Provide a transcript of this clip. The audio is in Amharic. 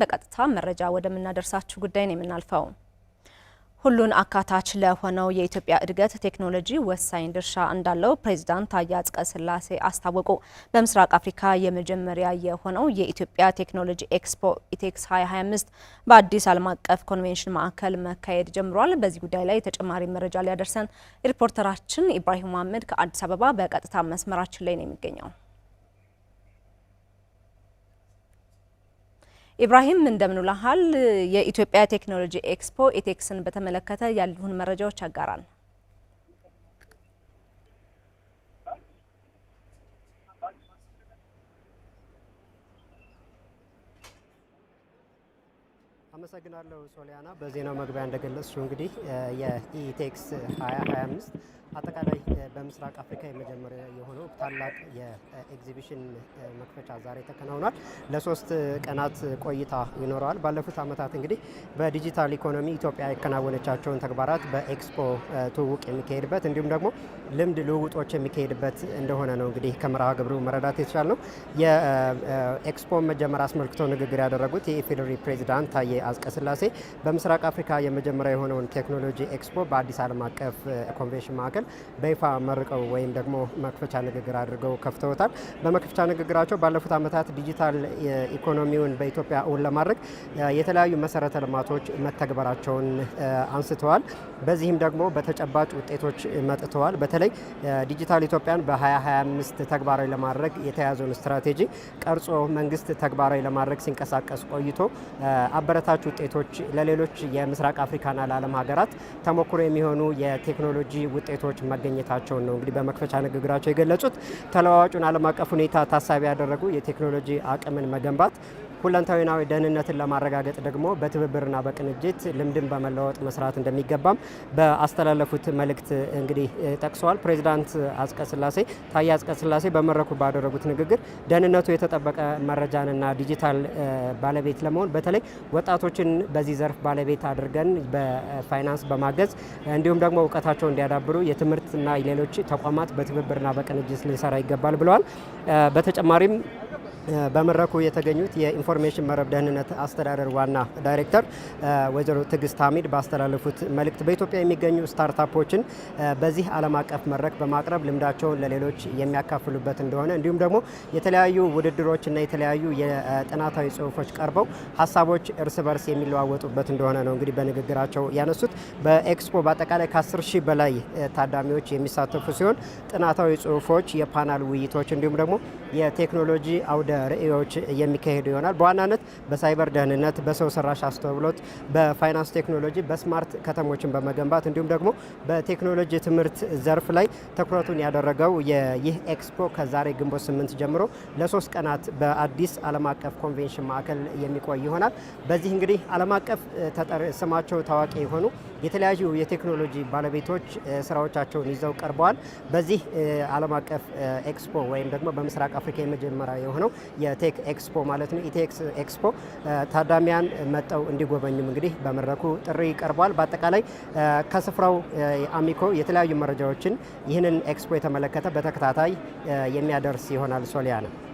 በቀጥታ መረጃ ወደምናደርሳችሁ ጉዳይ ነው የምናልፈው። ሁሉን አካታች ለሆነው የኢትዮጵያ እድገት ቴክኖሎጂ ወሳኝ ድርሻ እንዳለው ፕሬዚዳንት ታዬ አጽቀሥላሴ አስታወቁ። በምስራቅ አፍሪካ የመጀመሪያ የሆነው የኢትዮጵያ ቴክኖሎጂ ኤክስፖ ኢቴክስ 2025 በአዲስ ዓለም አቀፍ ኮንቬንሽን ማዕከል መካሄድ ጀምሯል። በዚህ ጉዳይ ላይ ተጨማሪ መረጃ ሊያደርሰን ሪፖርተራችን ኢብራሂም መሀመድ ከአዲስ አበባ በቀጥታ መስመራችን ላይ ነው የሚገኘው። ኢብራሂም እንደምንላሃል። የኢትዮጵያ ቴክኖሎጂ ኤክስፖ ኢቴክስን በተመለከተ ያሉን መረጃዎች አጋራን። አመሰግናለሁ ሶሊያና። በዜናው መግቢያ እንደገለጽሽው እንግዲህ የኢቴክስ 2025 አጠቃላይ በምስራቅ አፍሪካ የመጀመሪያ የሆነው ታላቅ የኤግዚቢሽን መክፈቻ ዛሬ ተከናውኗል። ለሶስት ቀናት ቆይታ ይኖረዋል። ባለፉት ዓመታት እንግዲህ በዲጂታል ኢኮኖሚ ኢትዮጵያ የከናወነቻቸውን ተግባራት በኤክስፖ ትውውቅ የሚካሄድበት እንዲሁም ደግሞ ልምድ ልውውጦች የሚካሄድበት እንደሆነ ነው እንግዲህ ከመርሃ ግብሩ መረዳት የተቻለ ነው። የኤክስፖ መጀመር አስመልክቶ ንግግር ያደረጉት የኢፌዴሪ ፕሬዚዳንት ታዬ አጽቀሥላሴ በምስራቅ አፍሪካ የመጀመሪያ የሆነውን ቴክኖሎጂ ኤክስፖ በአዲስ ዓለም አቀፍ ኮንቬንሽን ማዕከል በይፋ መርቀው ወይም ደግሞ መክፈቻ ንግግር አድርገው ከፍተውታል። በመክፈቻ ንግግራቸው ባለፉት ዓመታት ዲጂታል ኢኮኖሚውን በኢትዮጵያ እውን ለማድረግ የተለያዩ መሰረተ ልማቶች መተግበራቸውን አንስተዋል። በዚህም ደግሞ በተጨባጭ ውጤቶች መጥተዋል። በተለይ ዲጂታል ኢትዮጵያን በ2025 ተግባራዊ ለማድረግ የተያዘውን ስትራቴጂ ቀርጾ መንግስት ተግባራዊ ለማድረግ ሲንቀሳቀስ ቆይቶ አበረታች ውጤቶች ለሌሎች የምስራቅ አፍሪካና ለዓለም ሀገራት ተሞክሮ የሚሆኑ የቴክኖሎጂ ውጤቶች ተወካዮች መገኘታቸውን ነው እንግዲህ በመክፈቻ ንግግራቸው የገለጹት። ተለዋዋጩን ዓለም አቀፍ ሁኔታ ታሳቢ ያደረጉ የቴክኖሎጂ አቅምን መገንባት ሁለንታዊናዊ ደህንነትን ለማረጋገጥ ደግሞ በትብብርና በቅንጅት ልምድን በመለወጥ መስራት እንደሚገባም በአስተላለፉት መልእክት እንግዲህ ጠቅሰዋል። ፕሬዚዳንት አጽቀሥላሴ ታዬ አጽቀሥላሴ በመድረኩ ባደረጉት ንግግር ደህንነቱ የተጠበቀ መረጃንና ዲጂታል ባለቤት ለመሆን በተለይ ወጣቶችን በዚህ ዘርፍ ባለቤት አድርገን በፋይናንስ በማገዝ እንዲሁም ደግሞ እውቀታቸው እንዲያዳብሩ የትምህርትና ሌሎች ተቋማት በትብብርና በቅንጅት ልንሰራ ይገባል ብለዋል። በተጨማሪም በመድረኩ የተገኙት የኢንፎርሜሽን መረብ ደህንነት አስተዳደር ዋና ዳይሬክተር ወይዘሮ ትግስት ሀሚድ ባስተላለፉት መልእክት በኢትዮጵያ የሚገኙ ስታርታፖችን በዚህ ዓለም አቀፍ መድረክ በማቅረብ ልምዳቸውን ለሌሎች የሚያካፍሉበት እንደሆነ እንዲሁም ደግሞ የተለያዩ ውድድሮችና የተለያዩ የጥናታዊ ጽሁፎች ቀርበው ሀሳቦች እርስ በርስ የሚለዋወጡበት እንደሆነ ነው እንግዲህ በንግግራቸው ያነሱት። በኤክስፖ በአጠቃላይ ከ10 ሺህ በላይ ታዳሚዎች የሚሳተፉ ሲሆን ጥናታዊ ጽሁፎች፣ የፓናል ውይይቶች እንዲሁም ደግሞ የቴክኖሎጂ አውደ ርዕዮች የሚካሄዱ ይሆናል። በዋናነት በሳይበር ደህንነት፣ በሰው ሰራሽ አስተውሎት፣ በፋይናንስ ቴክኖሎጂ፣ በስማርት ከተሞችን በመገንባት እንዲሁም ደግሞ በቴክኖሎጂ ትምህርት ዘርፍ ላይ ትኩረቱን ያደረገው ይህ ኤክስፖ ከዛሬ ግንቦት ስምንት ጀምሮ ለሶስት ቀናት በአዲስ ዓለም አቀፍ ኮንቬንሽን ማዕከል የሚቆይ ይሆናል። በዚህ እንግዲህ ዓለም አቀፍ ስማቸው ታዋቂ የሆኑ የተለያዩ የቴክኖሎጂ ባለቤቶች ስራዎቻቸውን ይዘው ቀርበዋል። በዚህ ዓለም አቀፍ ኤክስፖ ወይም ደግሞ በምስራቅ አፍሪካ የመጀመሪያ የሆነው የቴክ ኤክስፖ ማለት ነው ኢቴክስ ኤክስፖ ታዳሚያን መጠው እንዲጎበኙም እንግዲህ በመድረኩ ጥሪ ቀርቧል። በአጠቃላይ ከስፍራው አሚኮ የተለያዩ መረጃዎችን ይህንን ኤክስፖ የተመለከተ በተከታታይ የሚያደርስ ይሆናል። ነው።